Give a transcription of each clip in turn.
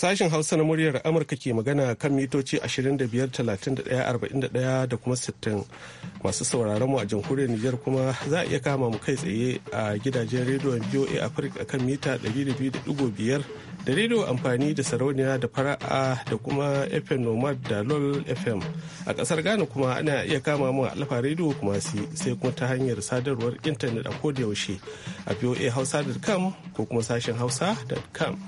Sashen Hausa na muryar Amurka ke magana kan mitoci 25,31,41 da kuma 60 masu sauraron mu a jamhuriyar Nijar kuma za a iya kama mu kai tsaye a gidajen rediyon BOA Africa kan mita 200.5 da rediyo amfani da sarauniya da fara'a da kuma FM Nomad da LOL FM. A kasar Ghana kuma ana iya kama mu a alfa rediyo kuma sai kuma ta hanyar sadarwar intanet a yaushe a boahausa.com ko kuma sashen hausa.com.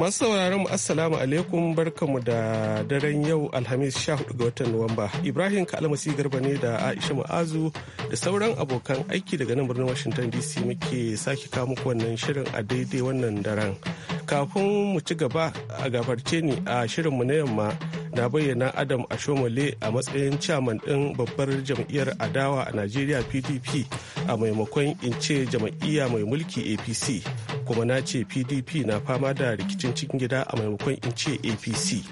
Masu sauraron mu assalamu alaikum barkamu da daren yau Alhamis 14 ga watan Nuwamba. Ibrahim Kalmasi Garba ne da Aisha ma'azu da sauran abokan aiki daga nan birnin Washington DC muke sake kawo wannan shirin a daidai wannan daren. Kafin mu ci gaba a gafarce ni a shirinmu na yamma na bayyana Adam Ashomole a matsayin caman ɗin babbar jam'iyyar adawa a Najeriya PDP a maimakon in ce jam'iyya mai mulki APC. kuma na ce pdp na fama da rikicin cikin gida a maimakon in ce apc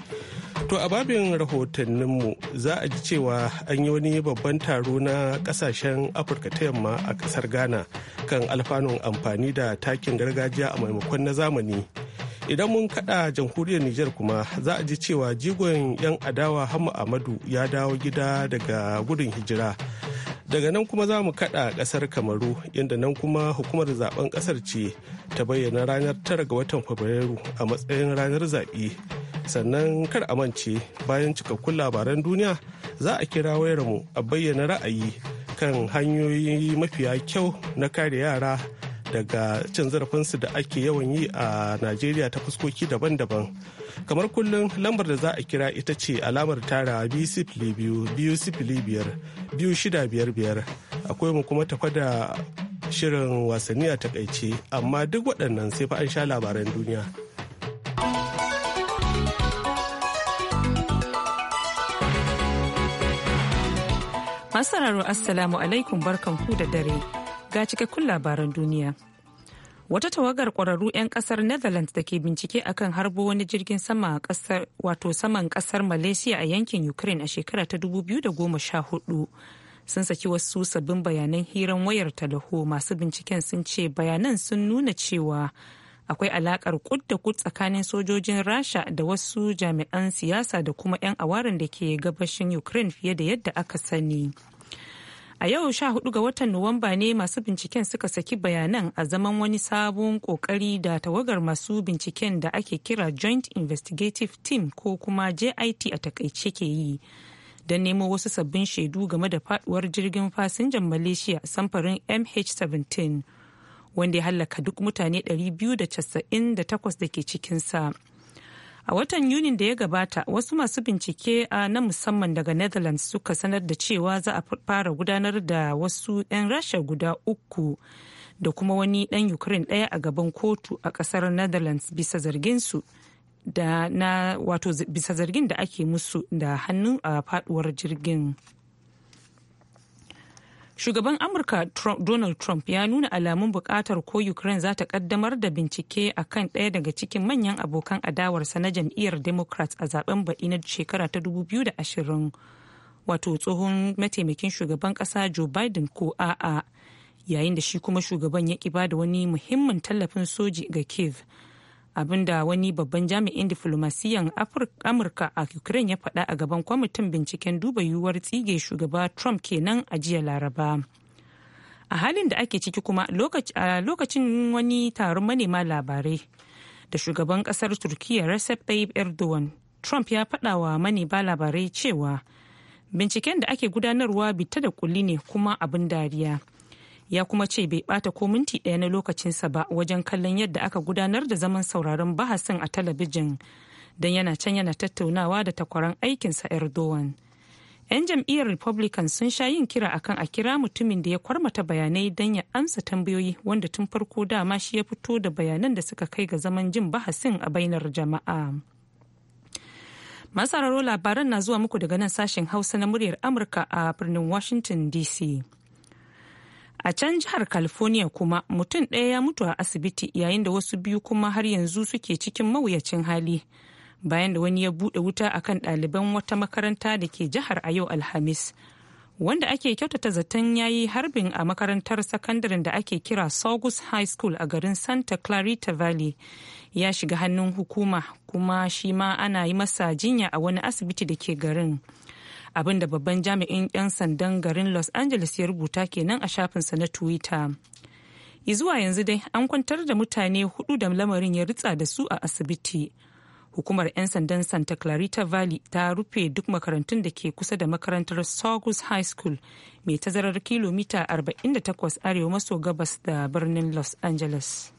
to a babin rahotanninmu za a ji cewa an yi wani babban taro na kasashen afirka ta yamma a kasar ghana kan alfanun amfani da takin gargajiya a maimakon na zamani idan mun kada jamhuriyar niger kuma za a ji cewa jigon 'yan adawa Hamma Amadu ya dawo gida daga gudun hijira daga nan kuma za mu kada kasar kamaru inda nan kuma hukumar zaben kasar ce ta bayyana ranar tara ga watan fabrairu a matsayin ranar zaɓe sannan kar a mance bayan cikakkun labaran duniya za a kira wayarmu a bayyana ra'ayi kan hanyoyi mafiya kyau na kare yara daga cin zarafinsu da ake yawan yi a najeriya ta fuskoki daban-daban kamar kullum lambar da za a kira ita ce alamar tara biyu sifili biyu biyu sifili biyar biyu shida biyar biyar akwai mu kuma tafa da shirin wasanni a takaice amma duk waɗannan sai fa an sha labaran duniya Masu sauraro Assalamu alaikum barkan ku da dare ga cikakkun labaran duniya. wata tawagar kwararru 'yan kasar netherlands da ke bincike akan harbo wani jirgin sama kasar wato saman kasar malaysia a yankin ukraine a shekara ta 2014 sun saki wasu sabbin bayanan hiran wayar talaho masu binciken sun ce bayanan sun nuna cewa akwai alakar kud da kud tsakanin sojojin rasha da wasu jami'an siyasa da kuma 'yan awarin da ke gabashin ukraine fiye da yadda aka sani. A yau sha hudu ga watan Nuwamba ne masu binciken suka saki bayanan a zaman wani sabon kokari da tawagar masu binciken da ake kira Joint Investigative Team ko kuma JIT a takaice ke yi. Don nemo wasu sabbin shaidu game da faduwar jirgin fasinjan Malaysia samfarin MH17 wanda ya hallaka duk mutane 298 da ke cikinsa. a watan yunin da ya gabata wasu masu bincike na musamman daga netherlands suka sanar da cewa za a fara gudanar da wasu 'yan rasha guda uku da kuma wani dan ukraine daya a gaban kotu a kasar netherlands bisa zargin su da na wato bisa zargin da ake musu da hannu a faduwar jirgin shugaban amurka donald trump ya nuna alamun bukatar ko ukraine za ta kaddamar da bincike a kan ɗaya daga cikin manyan abokan adawarsa na jam'iyyar democrats a zaben baɗi na shekara ta 2020 wato tsohon mataimakin shugaban ƙasa joe biden ko a'a yayin da shi kuma shugaban ya ƙi da wani muhimmin tallafin soji ga kiev abinda wani babban jami'in diflomasiyan amurka a ukraine ya faɗa a gaban kwamitin binciken duba yiwuwar tsige shugaba trump kenan a jiya laraba a halin da ake ciki kuma a lokacin wani taron manema labarai da shugaban kasar turkiya recep tayyip erdogan trump ya faɗa wa manema labarai cewa binciken da ake gudanarwa bita da kulli ne kuma abin dariya ya kuma ce bai bata ko minti ɗaya na lokacinsa ba wajen kallon yadda aka gudanar da zaman sauraron bahasin a talabijin don yana can yana tattaunawa da takwaran aikinsa erdogan 'yan jam'iyyar republican sun sha yin kira akan a kira mutumin da ya kwarmata bayanai don ya amsa tambayoyi wanda tun farko dama shi ya fito da bayanan da suka kai ga zaman jin bahasin a bainar jama'a masararo labaran na zuwa muku daga nan sashen hausa na muryar amurka a birnin washington dc a can jihar california kuma mutum ɗaya ya mutu a asibiti yayin da wasu biyu kuma har yanzu suke cikin mawuyacin hali bayan da wani ya buɗe wuta a kan ɗaliban wata makaranta da ke jihar a yau alhamis wanda ake kyautata zaton ya yi harbin a makarantar sakandaren da ake kira saugus high school a garin santa clarita valley ya shiga hannun hukuma kuma shi ma ana yi masa jinya a wani asibiti da ke garin. abinda babban jami'in 'yan sandan garin los angeles ya rubuta kenan a shafinsa na twitter zuwa yanzu dai an kwantar da mutane hudu da lamarin ya ritsa da su a asibiti hukumar 'yan sandan santa clarita valley ta rufe duk makarantun da ke kusa da makarantar saugus high school mai tazarar kilomita 48 arewa maso gabas da birnin los angeles.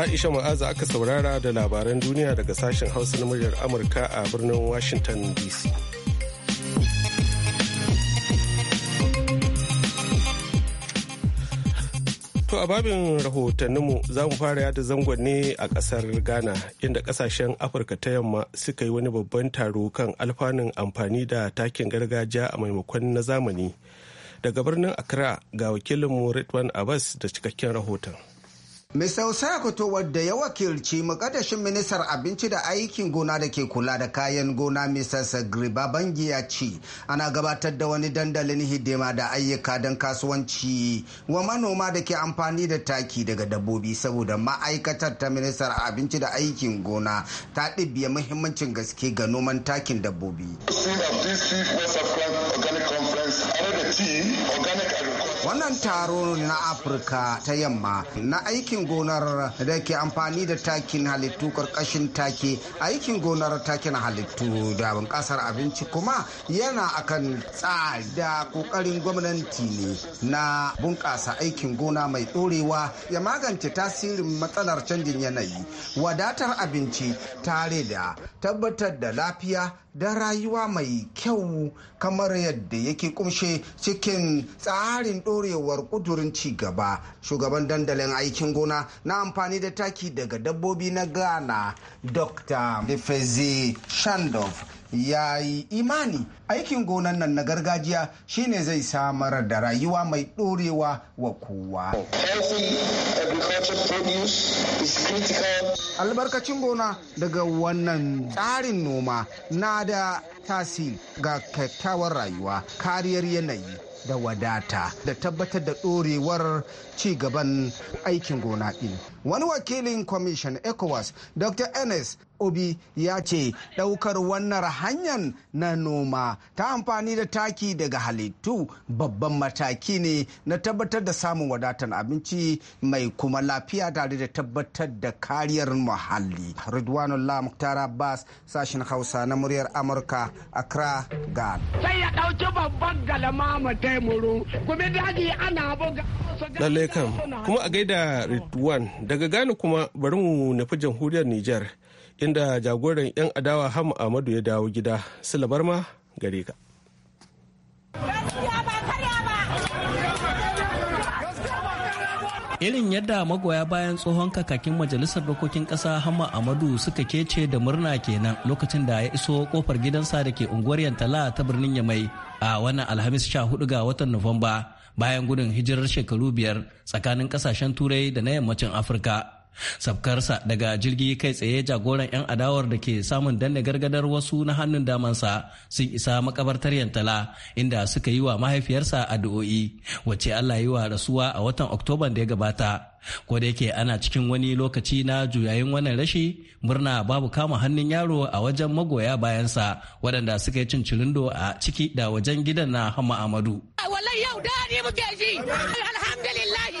Aisha Ma'aza aka saurara da labaran duniya daga sashen Hausa na muryar Amurka a birnin Washington DC. To a babin rahotanninmu za mu fara yada zangon ne a ƙasar Ghana inda ƙasashen Afirka ta yamma suka yi wani babban taro kan alfanun amfani da takin gargajiya a maimakon na zamani. Daga birnin Accra ga wakilinmu Ridwan Abbas da cikakken rahoton. Mr. Sarakoto wadda ya wakilci makadashin ministar abinci da aikin gona da ke kula da kayan gona Mr. Sagriba Bangi ya ce ana gabatar da wani dandalin hidima da ayyuka don kasuwanci wa manoma da ke amfani da taki daga dabbobi saboda ma'aikatar ta ministar abinci da aikin gona ta ɗibiya muhimmancin gaske ga noman takin dabbobi. organic wannan taro na afirka ta yamma na aikin gonar da ke amfani da takin halittu karkashin take aikin gonar takin halittu da bunƙasar abinci kuma yana akan tsada ƙoƙarin gwamnati ne na bunƙasa aikin gona mai ɗorewa ya magance tasirin matsalar canjin yanayi wadatar abinci tare da tabbatar da lafiya da rayuwa mai kyau kamar yadda yake kumshe cikin tsarin ɗorewar ƙudurin ci gaba shugaban dandalin aikin gona na amfani da taki daga dabbobi na ghana dr defezi shandoff ya yi imani aikin gonan nan na gargajiya shine zai samar da rayuwa mai ɗorewa wa kowa. Albarkacin gona daga wannan tsarin noma na da tasiri ga kyakkyawar rayuwa kariyar yanayi da wadata da tabbatar da ɗorewar gaban aikin gona ɗin. Wani wakilin kwamishin ECOWAS, Dr. Enes obi ya ce ɗaukar wannan hanyar na noma ta amfani da taki daga halittu babban mataki ne na tabbatar da samun wadatar abinci mai kuma lafiya tare da tabbatar da kariyar muhalli ridwanullah muktar abbas sashen hausa na muryar amurka accra ga sai ya ɗauki babban galama ma taimuru kuma daji ana buga lallai kuma a gaida ridwan daga gani kuma bari mu nufi jamhuriyar niger inda jagoran 'yan adawa hamu amadu ya dawo gida silabar ma gare ka irin yadda magoya bayan tsohon kakakin majalisar dokokin kasa hama amadu suka kece da murna kenan lokacin da ya iso kofar gidansa da ke unguwar yantala ta birnin yamai a wannan alhamis 14 ga watan nuwamba bayan gudun hijirar shekaru biyar tsakanin kasashen turai da na yammacin afirka Sabkarsa daga jirgi kai tsaye jagoran 'yan adawar da ke samun danne gargadar wasu na hannun damansa sun isa makabartar Yantala inda suka yi wa mahaifiyarsa addu'o'i wacce Allah yi wa rasuwa a watan Oktoban da ya gabata. Ko da yake ana cikin wani lokaci na juyayin wannan rashi murna babu kama hannun yaro a wajen magoya bayansa waɗanda suka yi cincirindo a ciki da wajen gidan na Hama Amadu. Wallahi yau da muke ji Alhamdulillahi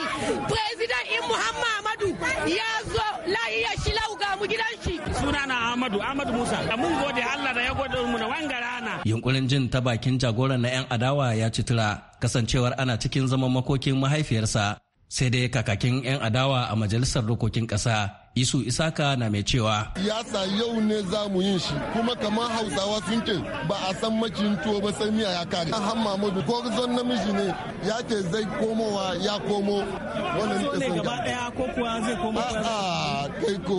President in Muhammad ya zo lahiyar shi lauga mu gidan shi Suna na Amadu, Ahmadu Musa mun gode Allah da ya gode mu na wanga rana yunkurin jin ta bakin jagoran na yan adawa ya citira kasancewar ana cikin zaman makokin mahaifiyarsa sai dai kakakin yan adawa a majalisar dokokin kasa Isu Isaka na mai cewa. Yasa yau ne za mu yin shi kuma kamar Hausawa sun ce ba a san macin tuwo ba sai miya ya kare. Han Mahmudu ko zon namiji ne ya ce zai komowa ya komo. Wannan ne gaba daya ko kuwa zai komo. kai ko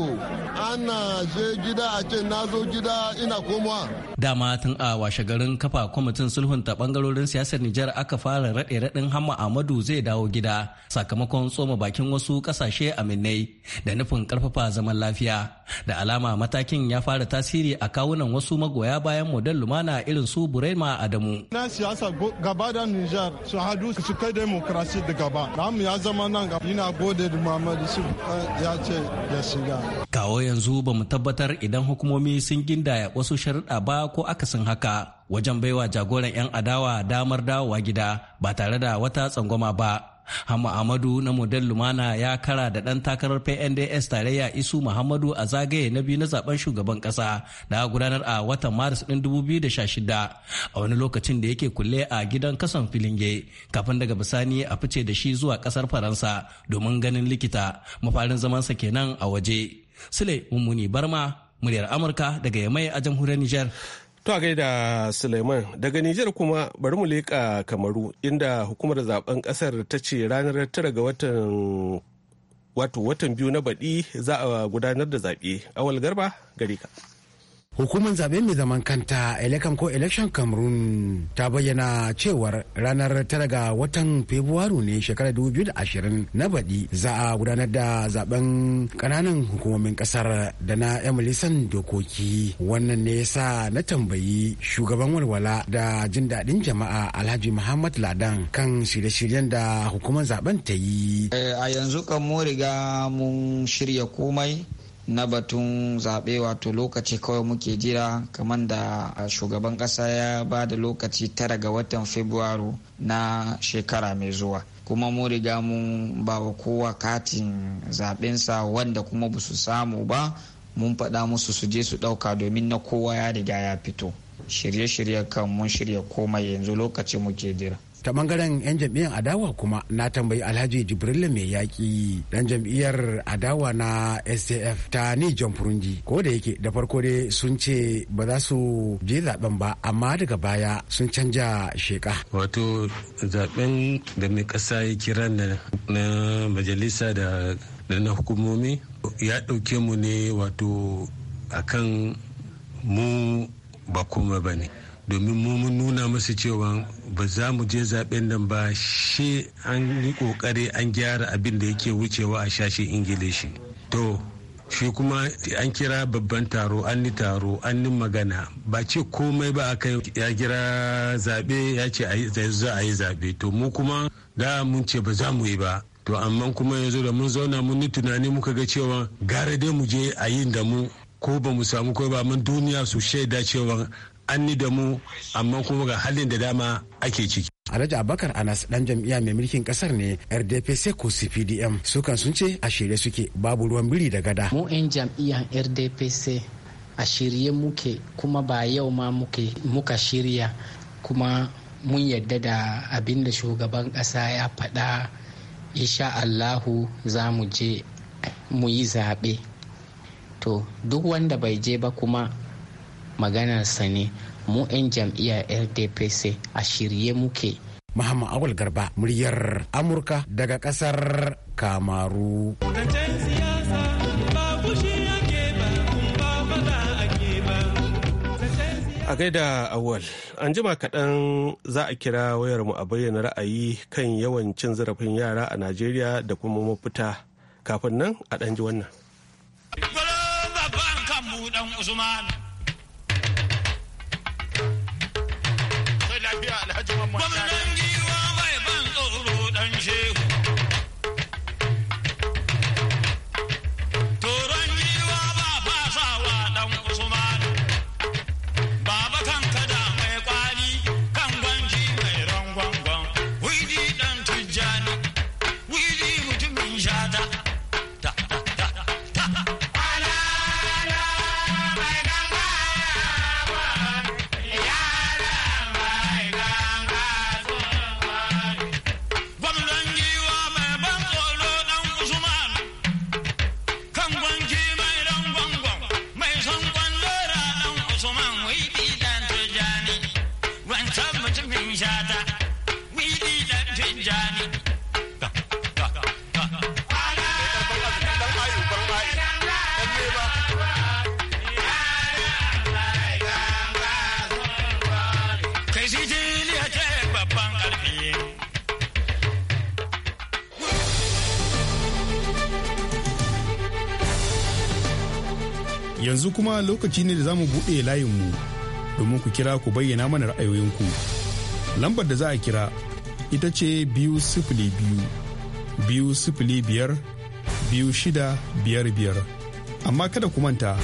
ana je gida a ce na zo gida ina komowa. Dama tun a washe garin kafa kwamitin ta bangarorin siyasar Nijar aka fara raɗe-raɗin Hamma Ahmadu zai dawo gida sakamakon tsoma bakin wasu ƙasashe aminai da nufin karfafa zaman lafiya da alama matakin ya fara tasiri a kawunan wasu magoya bayan model lumana irin su burema adamu na siyasa gaba da nijar su hadu su kai demokrasi da gaba namu ya zama nan gaba ina gode da muhammadu su eh, ya ce ya shiga kawo yanzu ba mu tabbatar idan hukumomi sun gindaya wasu sharuɗa ba ko akasin haka wajen baiwa jagoran 'yan adawa damar dawowa gida ba tare da wata tsangwama ba Hamma Amadu na model Lumana ya kara da ɗan takarar PNDS tarayya Isu Muhammadu a zagaye na biyu na zaben shugaban ƙasa da gudanar a watan Maris ɗin 2016 a wani lokacin da yake kulle a gidan kasan Filinge kafin daga bisani a fice da shi zuwa ƙasar Faransa domin ganin likita mafarin zamansa kenan a waje. Sule Mummuni Barma muryar Amurka daga Yamai a jamhuriyar Nijar. To a gaida Suleiman daga Nijar kuma bari mu leƙa Kamaru inda hukumar zaben ƙasar ta ce ranar tara ga watan watan biyu na baɗi za a gudanar da zaɓe. Awal garba gari ka. Hukumar zaɓe mai zaman kanta Elekan ko Election Cameroon ta bayyana cewar ranar tara ga watan Fabrairu ne shekarar 2020 na baɗi za a gudanar da zaben ƙananan hukumomin ƙasar da na 'yan majalisan dokoki. Wannan ne yasa na tambayi shugaban walwala da jin daɗin jama'a Alhaji Muhammad Ladan kan shirye-shiryen da hukumar zaben ta yi. Eh, a yanzu kan mu riga mun shirya komai na batun zaɓe wato lokaci kawai muke jira kamar da shugaban ƙasa ya ba da lokaci tara ga watan fabrairu na shekara mai zuwa kuma mu riga mun ba wa kowa katin zaɓensa wanda kuma ba su samu ba mun faɗa musu su je su ɗauka domin na kowa ya riga ya fito shirye-shirye kan mun shirya komai yanzu lokaci muke jira ta bangaren 'yan jam'iyyar adawa kuma na tambayi alhaji jibrila mai yaƙi dan jam'iyyar adawa na sdf ta ni john Furunji ko da yake da farko dai sun ce ba za su je zaben ba amma daga baya sun canja sheka wato zaben da mai ƙasa ya kira na majalisa da na hukumomi ya ɗauke mu ne wato akan mu ba kuma ba ne domin mu mun nuna musu cewa ba za mu je zaben nan ba shi an yi kokari an gyara abin da yake wucewa a shashin ingilishi to shi kuma an kira babban taro an ni taro an ni magana ba ce komai ba aka ya kira zaɓe ya ce za a yi zaɓe to mu kuma da mun ce ba za mu yi ba to amma kuma yanzu da mun zauna mun ni tunani muka ga cewa gara dai mu je a yi da mu ko ba mu samu ko ba mun duniya su shaida cewa an ni da mu amma kuma ga halin da dama ake ciki Alhaji Abubakar Anas dan jam'iyya mai mulkin kasar ne RDPC ko CPDM sukan sun ce a shirye suke babu ruwan biri da gada. Mu 'yan jam'iyyan RDPC a shirye muke kuma ba yau ma muke muka shirya kuma mun yadda da abin da shugaban ƙasa ya faɗa insha Allahu za mu je mu yi zaɓe. To duk wanda bai je ba kuma maganarsa ne mu 'yan jam'iyyar ldpc a shirye muke muhammad awal garba muryar amurka daga kasar kamaru a gaida awal an jima kaɗan za a kira wayarmu a bayyana ra'ayi kan yawan cin zarafin yara a najeriya da kuma mafita kafin nan a ɗan ji wannan. kan Usman. tafiya alhaji mamman Kai shi babban ƙarfi. yanzu kuma lokaci ne da za mu buɗe layinmu domin ku kira ku bayyana mana ra'ayoyinku. Lambar da za a kira ita ce biyu sifili biyu biyu sifili biyar biyu shida biyar biyar amma kada ku manta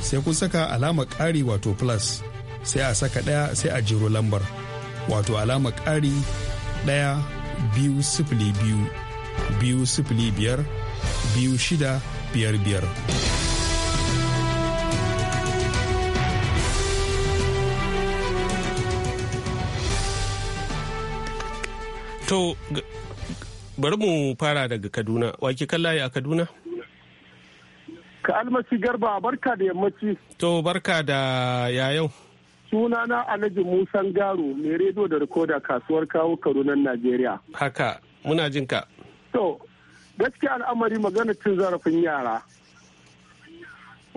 sai kun saka alamar ƙari wato plus sai a saka ɗaya sai a jiro lambar wato alama ƙari ɗaya biyu sifili biyu biyu sifili biyar biyu shida biyar biyar. To bari mu fara daga Kaduna, wake kallaye a Kaduna? Ka almasi garba barka da yammaci. To barka da yayau. sunana alhaji musan garo mai rediyo da rikoda kasuwar kawo karunan najeriya haka muna jin to gaskiya al'amari magana cin zarafin yara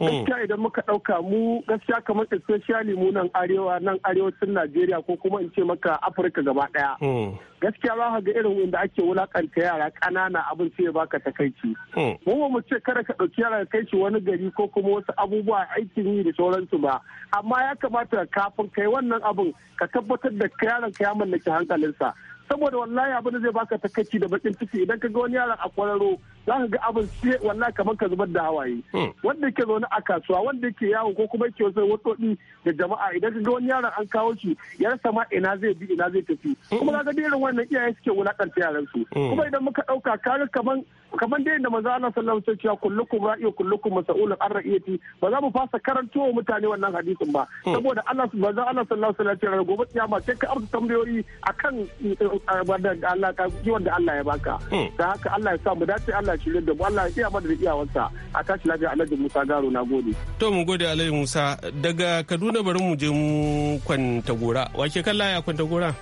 Mm. gaskiya idan muka ɗauka mu gaskiya kamar especially mu nan arewa nan arewacin najeriya ko kuma in ce maka afirka gaba ɗaya mm. gaskiya za ka ga irin wanda ake wulakanta yara kanana abin sai ya baka takaici mm. mu mu ce kada ka ɗauki yara ka kai shi wani gari ko kuma wasu abubuwa aikin yi da sauransu ba amma ya kamata kafin kai wannan abin ka tabbatar da yaron ka ya mallaki hankalinsa saboda wallahi abin da zai baka takaici da bakin ciki idan ka ga wani yaron a kwararo za ka ga abin sai wallahi kamar ka zubar da hawaye hmm. wanda yake zaune a kasuwa wanda yake yawo ko kuma yake wasu wotodi da jama'a idan ka ga wani yaron an kawo shi ya rasa ma ina zai bi ina zai tafi hmm. kuma ka ga irin wannan iyaye suke wulakanta yaran su hmm. kuma idan muka ɗauka kare kaman kamar dai da maza ana sallar alaihi cewa kullukum ra'i kullukum mas'ulun an ra'iyati ba za mu fasa karanto wa mutane wannan hadisin ba saboda Allah manzo Allah cewa gobe kiyama sai ka amsa tambayoyi akan eh, da Allah ka kiwon da Allah ya baka hmm. da haka Allah ya sa mu dace Allah shi da mu Allah ya iya mana da iyawarsa a tashi lafiya Alhaji Musa Garo na gode to mu gode Alhaji Musa daga Kaduna bari mu je mu kwanta gora wake kalla ya kwanta gora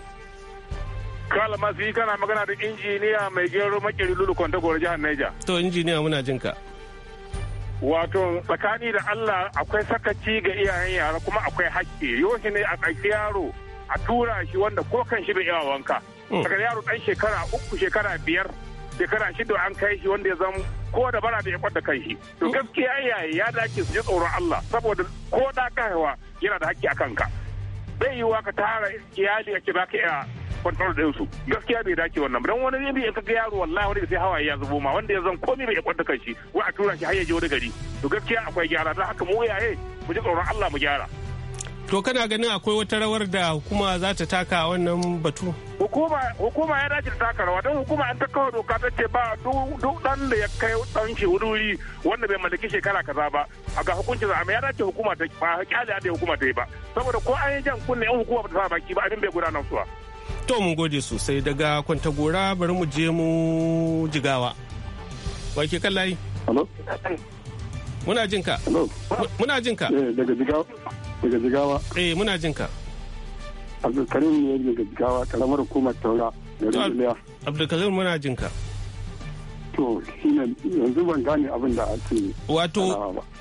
kala masu yi kana magana da injiniya mai gero makeri lulu kwanta gora jihar Neja. to injiniya muna jin ka. wato tsakani da Allah akwai sakaci ga iyayen yara kuma akwai haƙƙi yoshi ne a tsaki yaro a tura shi wanda ko kan shi bai iya wanka daga hmm. yaro dan shekara uku shekara biyar shekara shida an kai shi wanda ya zama ko da bara da ya kwada kan shi to hmm. gaskiya yaye ya dace su ji tsoron Allah saboda ko da ka haihuwa yana da haƙƙi a ka bai yiwuwa ka tara iyali a ce ba ka iya kwantar da su gaskiya bai dace wannan don wani ne in kaga yaro wallahi wani sai hawaye ya zubo ma wanda ya zan komai bai kwanta kan shi wa a tura shi har ya je wani gari to gaskiya akwai gyara don haka mu yaye mu ji tsoron Allah mu gyara to kana ganin akwai wata rawar da hukuma za ta taka wannan batu hukuma ya dace taka rawa don hukuma an ta kawo doka ta ce ba duk dan da ya kai dan shi wuri wanda bai mallaki shekara kaza ba a ga hukuncin amma ya dace hukuma ta ba kyale da hukuma ta yi ba saboda ko an yi jan kunne in hukuma ba ta sa baki ba abin bai gudanar suwa to mun gode sosai daga kwantagora bari mu je mu jigawa wa ke kan muna jinka muna jinka eh, daga jigawa daga jigawa eh muna jin ka abdulkarim ne daga jigawa karamar hukumar taura garin iliya abdulkarim muna jin ka to shine yanzu ban gane abin da ake wato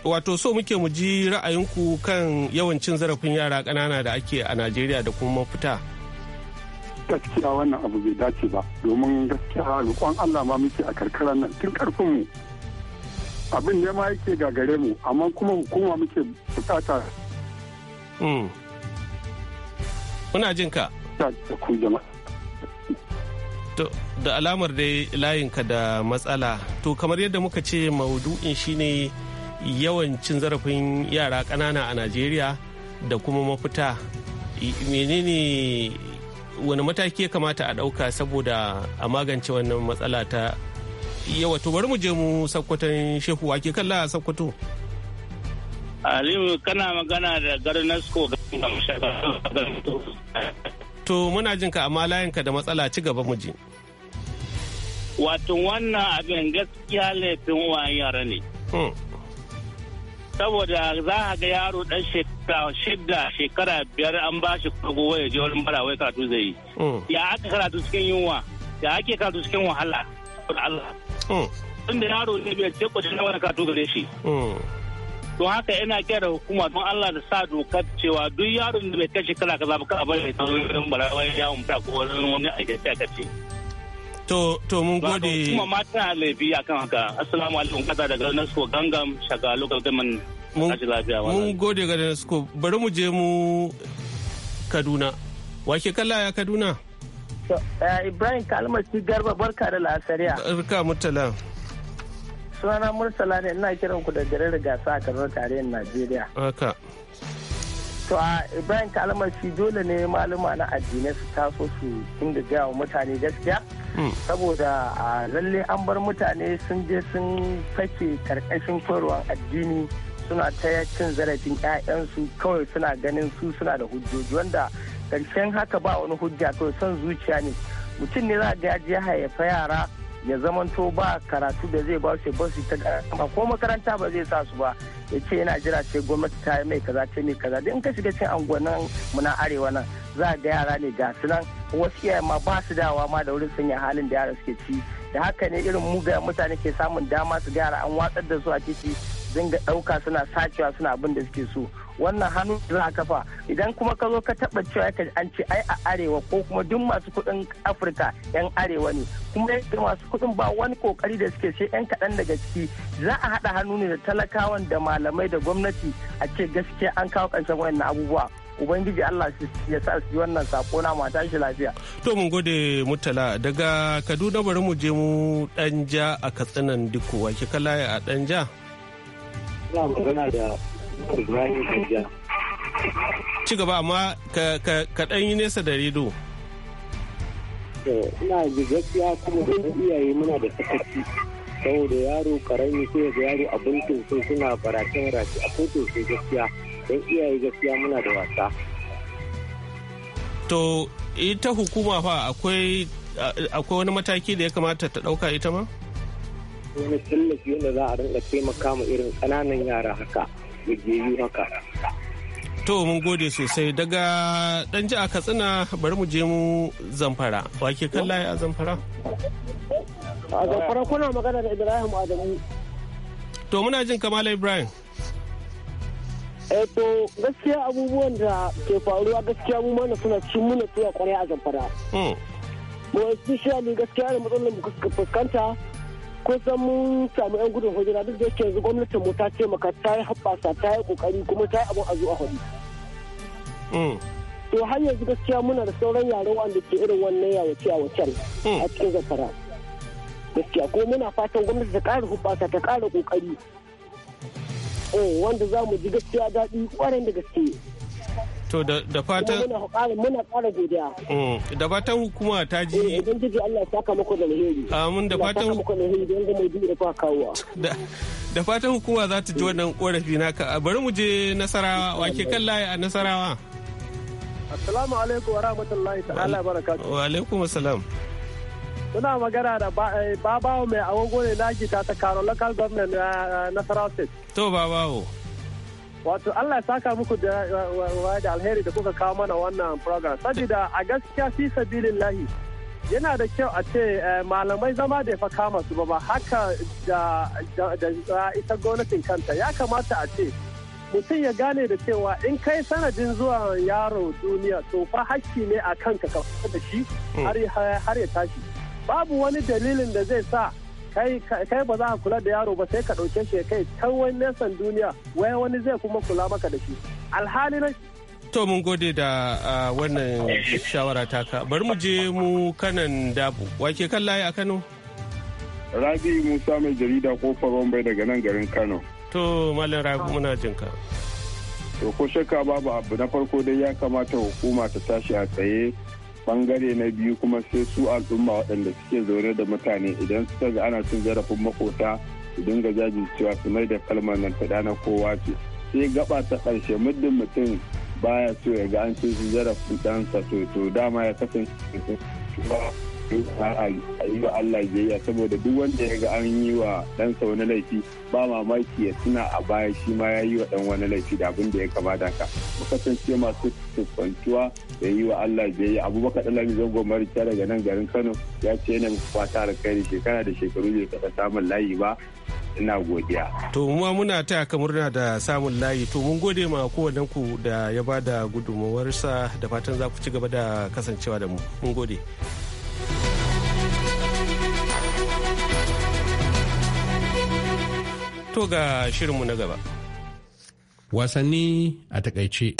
wato so muke mu ji ra'ayinku kan yawancin zarafin yara ƙanana da ake a najeriya da kuma mafita gaskiya wannan abu bai dace ba domin gaskiya roƙon allah ma muke a karkarar nan tun karfinmu abin ne ma yake gagare mu amma kuma hukuma muke bukata Kuna mm. jin ka. da alamar dai layinka da matsala to kamar yadda muka ce maudu'in shine yawan cin zarafin yara ƙanana a najeriya da kuma mafita menene wani mataki ya kamata a ɗauka saboda a magance wannan matsala ta yawa to bari mu je mu sakkwaton shehu ke kalla a sakkwato Aliyu kana magana da Garnasco To muna jin ka amma layinka da matsala ci gaba mu ji. Wato wannan abin gaskiya laifin wayan yara ne. Hmm. Saboda za a ga yaro ɗan shekara shida shekara biyar an ba shi kogo waya je wani mara wai karatu zai yi. Hmm. Ya aka karatu cikin yunwa, ya ake karatu cikin wahala. Allah. Hmm. Tunda yaro ne bai ce kudin na wani karatu gare shi. don haka yana kira hukuma don Allah da sa dokar cewa duk yaron da bai kai kala kaza ba ka bar shi tsaro irin barawai ya umta ko wani aikace aikace To, to mun gode. Kuma ma tana laifi akan haka. Assalamu alaikum kaza daga Nasko Gangam shaga local government. Mun gode ga Nasko. Bari mu je mu Kaduna. Wake kalla ya Kaduna? Eh, Ibrahim Kalmasi Garba barka da lasariya. Barka mutala. sunana murtala ne ina kiran ku da garin gasa a kano tarihin najeriya to a ibrahim shi dole ne maluma na addinai su taso su inda gaya wa mutane gaskiya hmm. saboda a lalle an bar mutane sun je sun fake karkashin koyarwar addini suna ta cin zarafin 'ya'yansu kawai suna ganin su suna da hujjoji wanda karshen haka ba wani hujja kawai son zuciya ne mutum ne za ga ya haifa yara ya zamanto ba karatu da zai ba su ba su ta ko makaranta ba zai sa su ba ya ce yana jira ce gwamnati ta yi mai kaza ce mai kaza don ka shiga cin angonan mu na arewa nan za ga yara ne ga su nan wasu iyaye ma ba su dawa ma da wurin sanya halin da yara suke ci da haka ne irin mugayen mutane ke samun dama su ga yara an watsar da su a titi dinga ɗauka suna sacewa suna abin da suke so wannan hannu za a kafa idan kuma ka zo ka taba cewa ka an ce ai a arewa ko kuma duk masu kuɗin afirka yan arewa ne kuma yadda masu kuɗin ba wani kokari da suke sai yan kaɗan daga ciki za a haɗa hannu ne da talakawan da malamai da gwamnati a ce gaskiya an kawo ƙarshen wayan abubuwa ubangiji Allah ya sa su wannan sako na mata shi lafiya. To mun gode mutala daga Kaduna bari mu je mu Danja a Katsinan Diko ki kala a ɗan ja. Ci gaba amma ka ɗan yi nesa da rido. Ina ji gaskiya kuma da iyaye muna da sakaci. Saboda yaro karami sai ga yaro abin sosai suna barace rashi a kotun sai gaskiya. Don iyaye gaskiya muna da wasa. To ita hukuma fa akwai wani mataki da ya kamata ta ɗauka ita ma? Wani tallafi wanda za a rinka taimaka ma irin ƙananan yara haka. haka to mun gode sosai daga dan ji a katsina bari mu je mu zamfara wake kan layi a zamfara a zamfara kuna magana da ibrahim adamu to muna jin kamala ibrahim eh, to gaskiya abubuwan da ke faruwa gaskiya mu mana suna cin muna tuwa kwarai a zamfara hmm. mu ne gaskiya da matsalar mu fuskanta kusan mun samu yan gudun hijira duk da yake yanzu gwamnatin mu ta taimaka ta yi haɓasa ta yi kokari kuma ta yi abin a zuwa hudu. Mm. to har yanzu gaskiya muna da sauran yaren wanda ke irin wannan yawace a wacan mm. a cikin zafara gaskiya ko muna fatan gwamnati ta ƙara huɓasa ta ƙara kokari eh, wanda za mu ji gaskiya daɗi kwarai da gaske. To da fatan muna ƙara godiya. Mm, da fatan hukuma ta ji. Idan eh, Allah ya saka muku da alheri. Amin da fatan da Da fatan hukuma za ta ji wannan korafi naka. Bari mu je Nasarawa wake kan laye a Nasarawa. Assalamu alaikum wa rahmatullahi ta'ala barakatuhu. Wa alaikum assalam. Suna magana da eh, babawo mai agogo ne na gita ta Karo local government na eh, Nasarawa state. To babawo. wato Allah ya saka muku da da alheri da kuka kawo mana wannan program saboda a gaskiya fi sabilillahi yana da kyau a ce eh, malamai zama da fa kama su ba ba haka da ita gwamnatin kanta ya kamata a ce mutum ya gane da cewa in kai sanadin zuwa yaro duniya to fa hakki ne a kanka ka da shi hmm. har ya tashi babu wani dalilin da zai sa kai ba za ka kula da yaro ba sai ka ɗauke shi kai kai wani nesan duniya wai wani zai kuma kula maka da shi alhali na to mun gode da wannan shawara taka bari mu je mu kanan dabu wake kan layi a kano rabi musa mai jarida kofar bai daga nan garin kano to malam rabi muna jin ka to ko shakka babu abu na farko dai ya kamata hukuma ta tashi a tsaye bangare na biyu kuma sai su al'umma waɗanda suke zaune da mutane idan suka ga ana cin zarafin makota su dinga jajircewa su mai da kalmar nan ta dana kowa ce sai gaba ta ƙarshe muddin mutum baya so ya ga an cin zarafin ɗansa to dama ya kasance a yi wa Allah biyayya saboda duk wanda ya ga an yi wa sa wani laifi ba mamaki ya tuna a baya shi ma ya yi wa dan wani laifi da abin da ya kamata ka mu kasance masu tsankwantuwa da yi wa Allah biyayya abubakar dalami zango marica daga nan garin kano ya ce yana mu fata da kai shekara da shekaru bai taɓa samun layi ba ina godiya. To ma muna ta ka murna da samun layi to mun gode ma kowannen ku da ya bada sa da fatan za ku ci gaba da kasancewa da mu. Mun gode. fito ga shirinmu na gaba. Wasanni a takaice.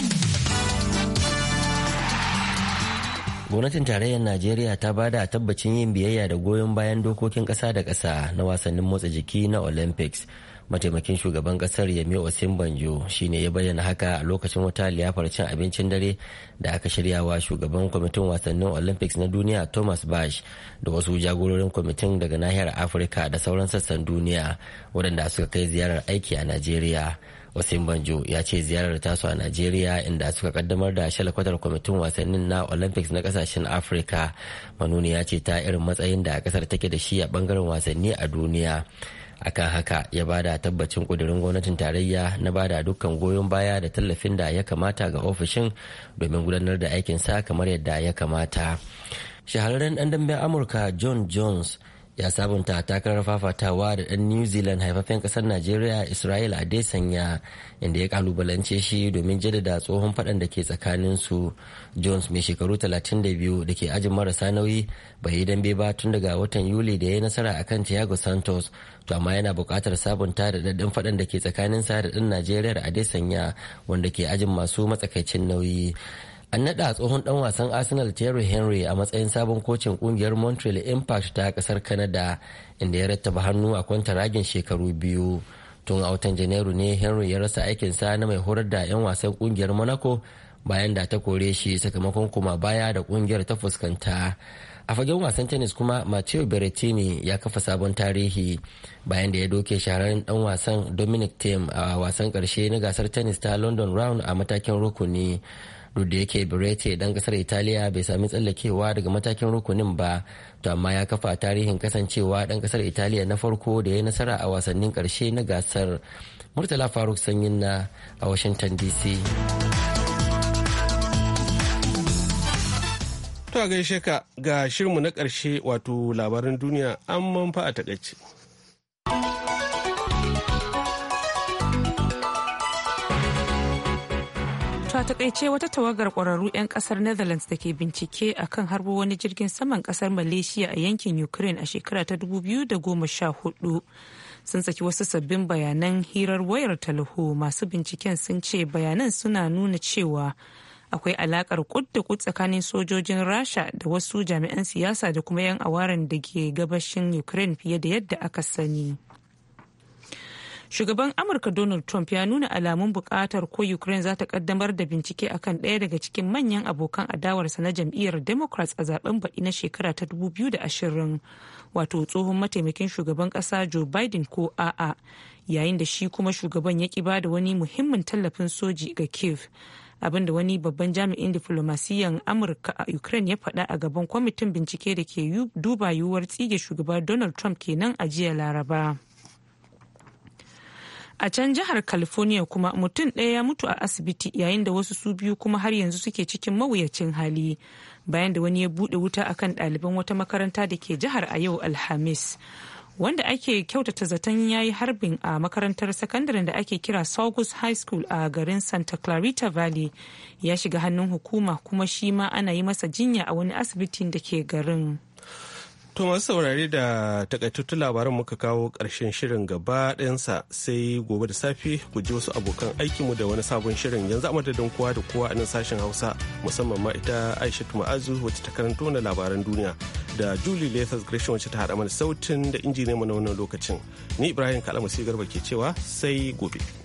Gwamnatin tarayyar Najeriya ta ba da tabbacin yin biyayya da goyon bayan dokokin ƙasa da ƙasa na wasannin motsa jiki na Olympics. mataimakin shugaban kasar yami osin banjo shine ya bayyana haka a lokacin wata liyafar cin abincin dare da aka shiryawa shugaban kwamitin wasannin olympics na duniya thomas bash da wasu jagororin kwamitin daga nahiyar afirka da sauran sassan duniya waɗanda suka kai ziyarar aiki a nigeria Osin Banjo ya ce ziyarar tasu a nigeria inda suka kaddamar da shalakwatar kwamitin wasannin na Olympics na kasashen Afirka. Manuni ya ce ta irin matsayin da kasar take da shi a bangaren wasanni a duniya. akan haka ya bada tabbacin kudirin gwamnatin tarayya na bada dukkan goyon baya da tallafin da ya kamata ga ofishin domin gudanar da aikinsa kamar yadda ya kamata shahararren ɗan damben amurka john jones ya sabunta takarar fafatawa da ɗan new zealand haifafen ƙasar najeriya israel sanya inda ya kalubalance shi domin jaddada tsohon faɗan da ke tsakanin su jones mai shekaru 32 da ke ajin marasa nauyi bai yi dambe ba tun daga watan yuli da ya yi nasara akan thiago santos to amma yana bukatar sabunta da daddin faɗan da ke tsakanin sa da ɗan najeriya adesanya wanda ke ajin masu matsakaicin nauyi An naɗa tsohon ɗan wasan Arsenal Thierry Henry a matsayin sabon kocin ƙungiyar Montreal Impact ta ƙasar Canada inda ya rattaba hannu a kwanta ragin shekaru biyu. Tun a watan Janairu ne Henry ya rasa aikinsa na mai horar da 'yan wasan ƙungiyar Monaco bayan da ta kore shi sakamakon kuma baya da ƙungiyar ta fuskanta. a fagen wasan tennis kuma Matteo Berrettini ya kafa sabon tarihi bayan da ya doke shahararren dan wasan Dominic Thiem a wasan karshe na gasar tennis ta London Round a matakin rukuni da yake birete dan kasar italiya bai sami tsallakewa daga matakin rukunin ba to amma ya kafa tarihin kasancewa dan kasar italiya na farko da ya nasara a wasannin karshe na gasar murtala faruk sanyin na a washington dc to gaishe ka ga shirmu na karshe wato labaran duniya an manfa a takaice takaice wata tawagar kwararru 'yan kasar netherlands da ke bincike a kan harbo wani jirgin saman kasar malaysia a yankin ukraine a shekara ta 2014 sun saki wasu sabbin bayanan hirar wayar talho masu binciken sun ce bayanan suna nuna cewa akwai alakar kud da kud tsakanin sojojin rasha da wasu jami'an siyasa da kuma 'yan awaren da ke gabashin ukraine fiye da yadda aka sani. shugaban amurka donald trump ya nuna alamun bukatar ko ukraine za ta kaddamar da bincike akan ɗaya daga cikin manyan abokan adawarsa na jam'iyyar democrats a zaben baɗi na shekara ta 2020 wato tsohon mataimakin shugaban ƙasa joe biden ko a'a yayin da shi kuma shugaban ya ki da wani muhimmin tallafin soji ga kiev da wani babban jami'in diflomasiyan amurka a ukraine ya faɗa a gaban kwamitin bincike da ke duba yiwuwar tsige shugaba donald trump kenan a jiya laraba a can jihar california kuma mutum ɗaya ya mutu a asibiti yayin da wasu su biyu kuma har yanzu suke cikin mawuyacin hali bayan da wani ya buɗe wuta a kan ɗaliban wata makaranta da ke jihar a yau alhamis wanda ake kyautata zaton ya yi harbin a makarantar sakandaren da ake kira saugus high school a garin santa clarita valley ya shiga hannun hukuma kuma shi ma ana yi masa jinya a wani asibitin da ke garin. To masu saurare da takaitattun labaran muka kawo ƙarshen shirin gaba ɗayansa sai gobe da safe ku ji wasu abokan aikinmu da wani sabon shirin yanzu a madadin kowa da kowa a nan sashen Hausa musamman ma ita Aisha Ma'azu wacce ta karanto na labaran duniya da Julie Lathas Gresham wacce ta haɗa mana sautin da injiniyan mu na wannan lokacin. Ni Ibrahim Kalamu Garba ke cewa sai gobe.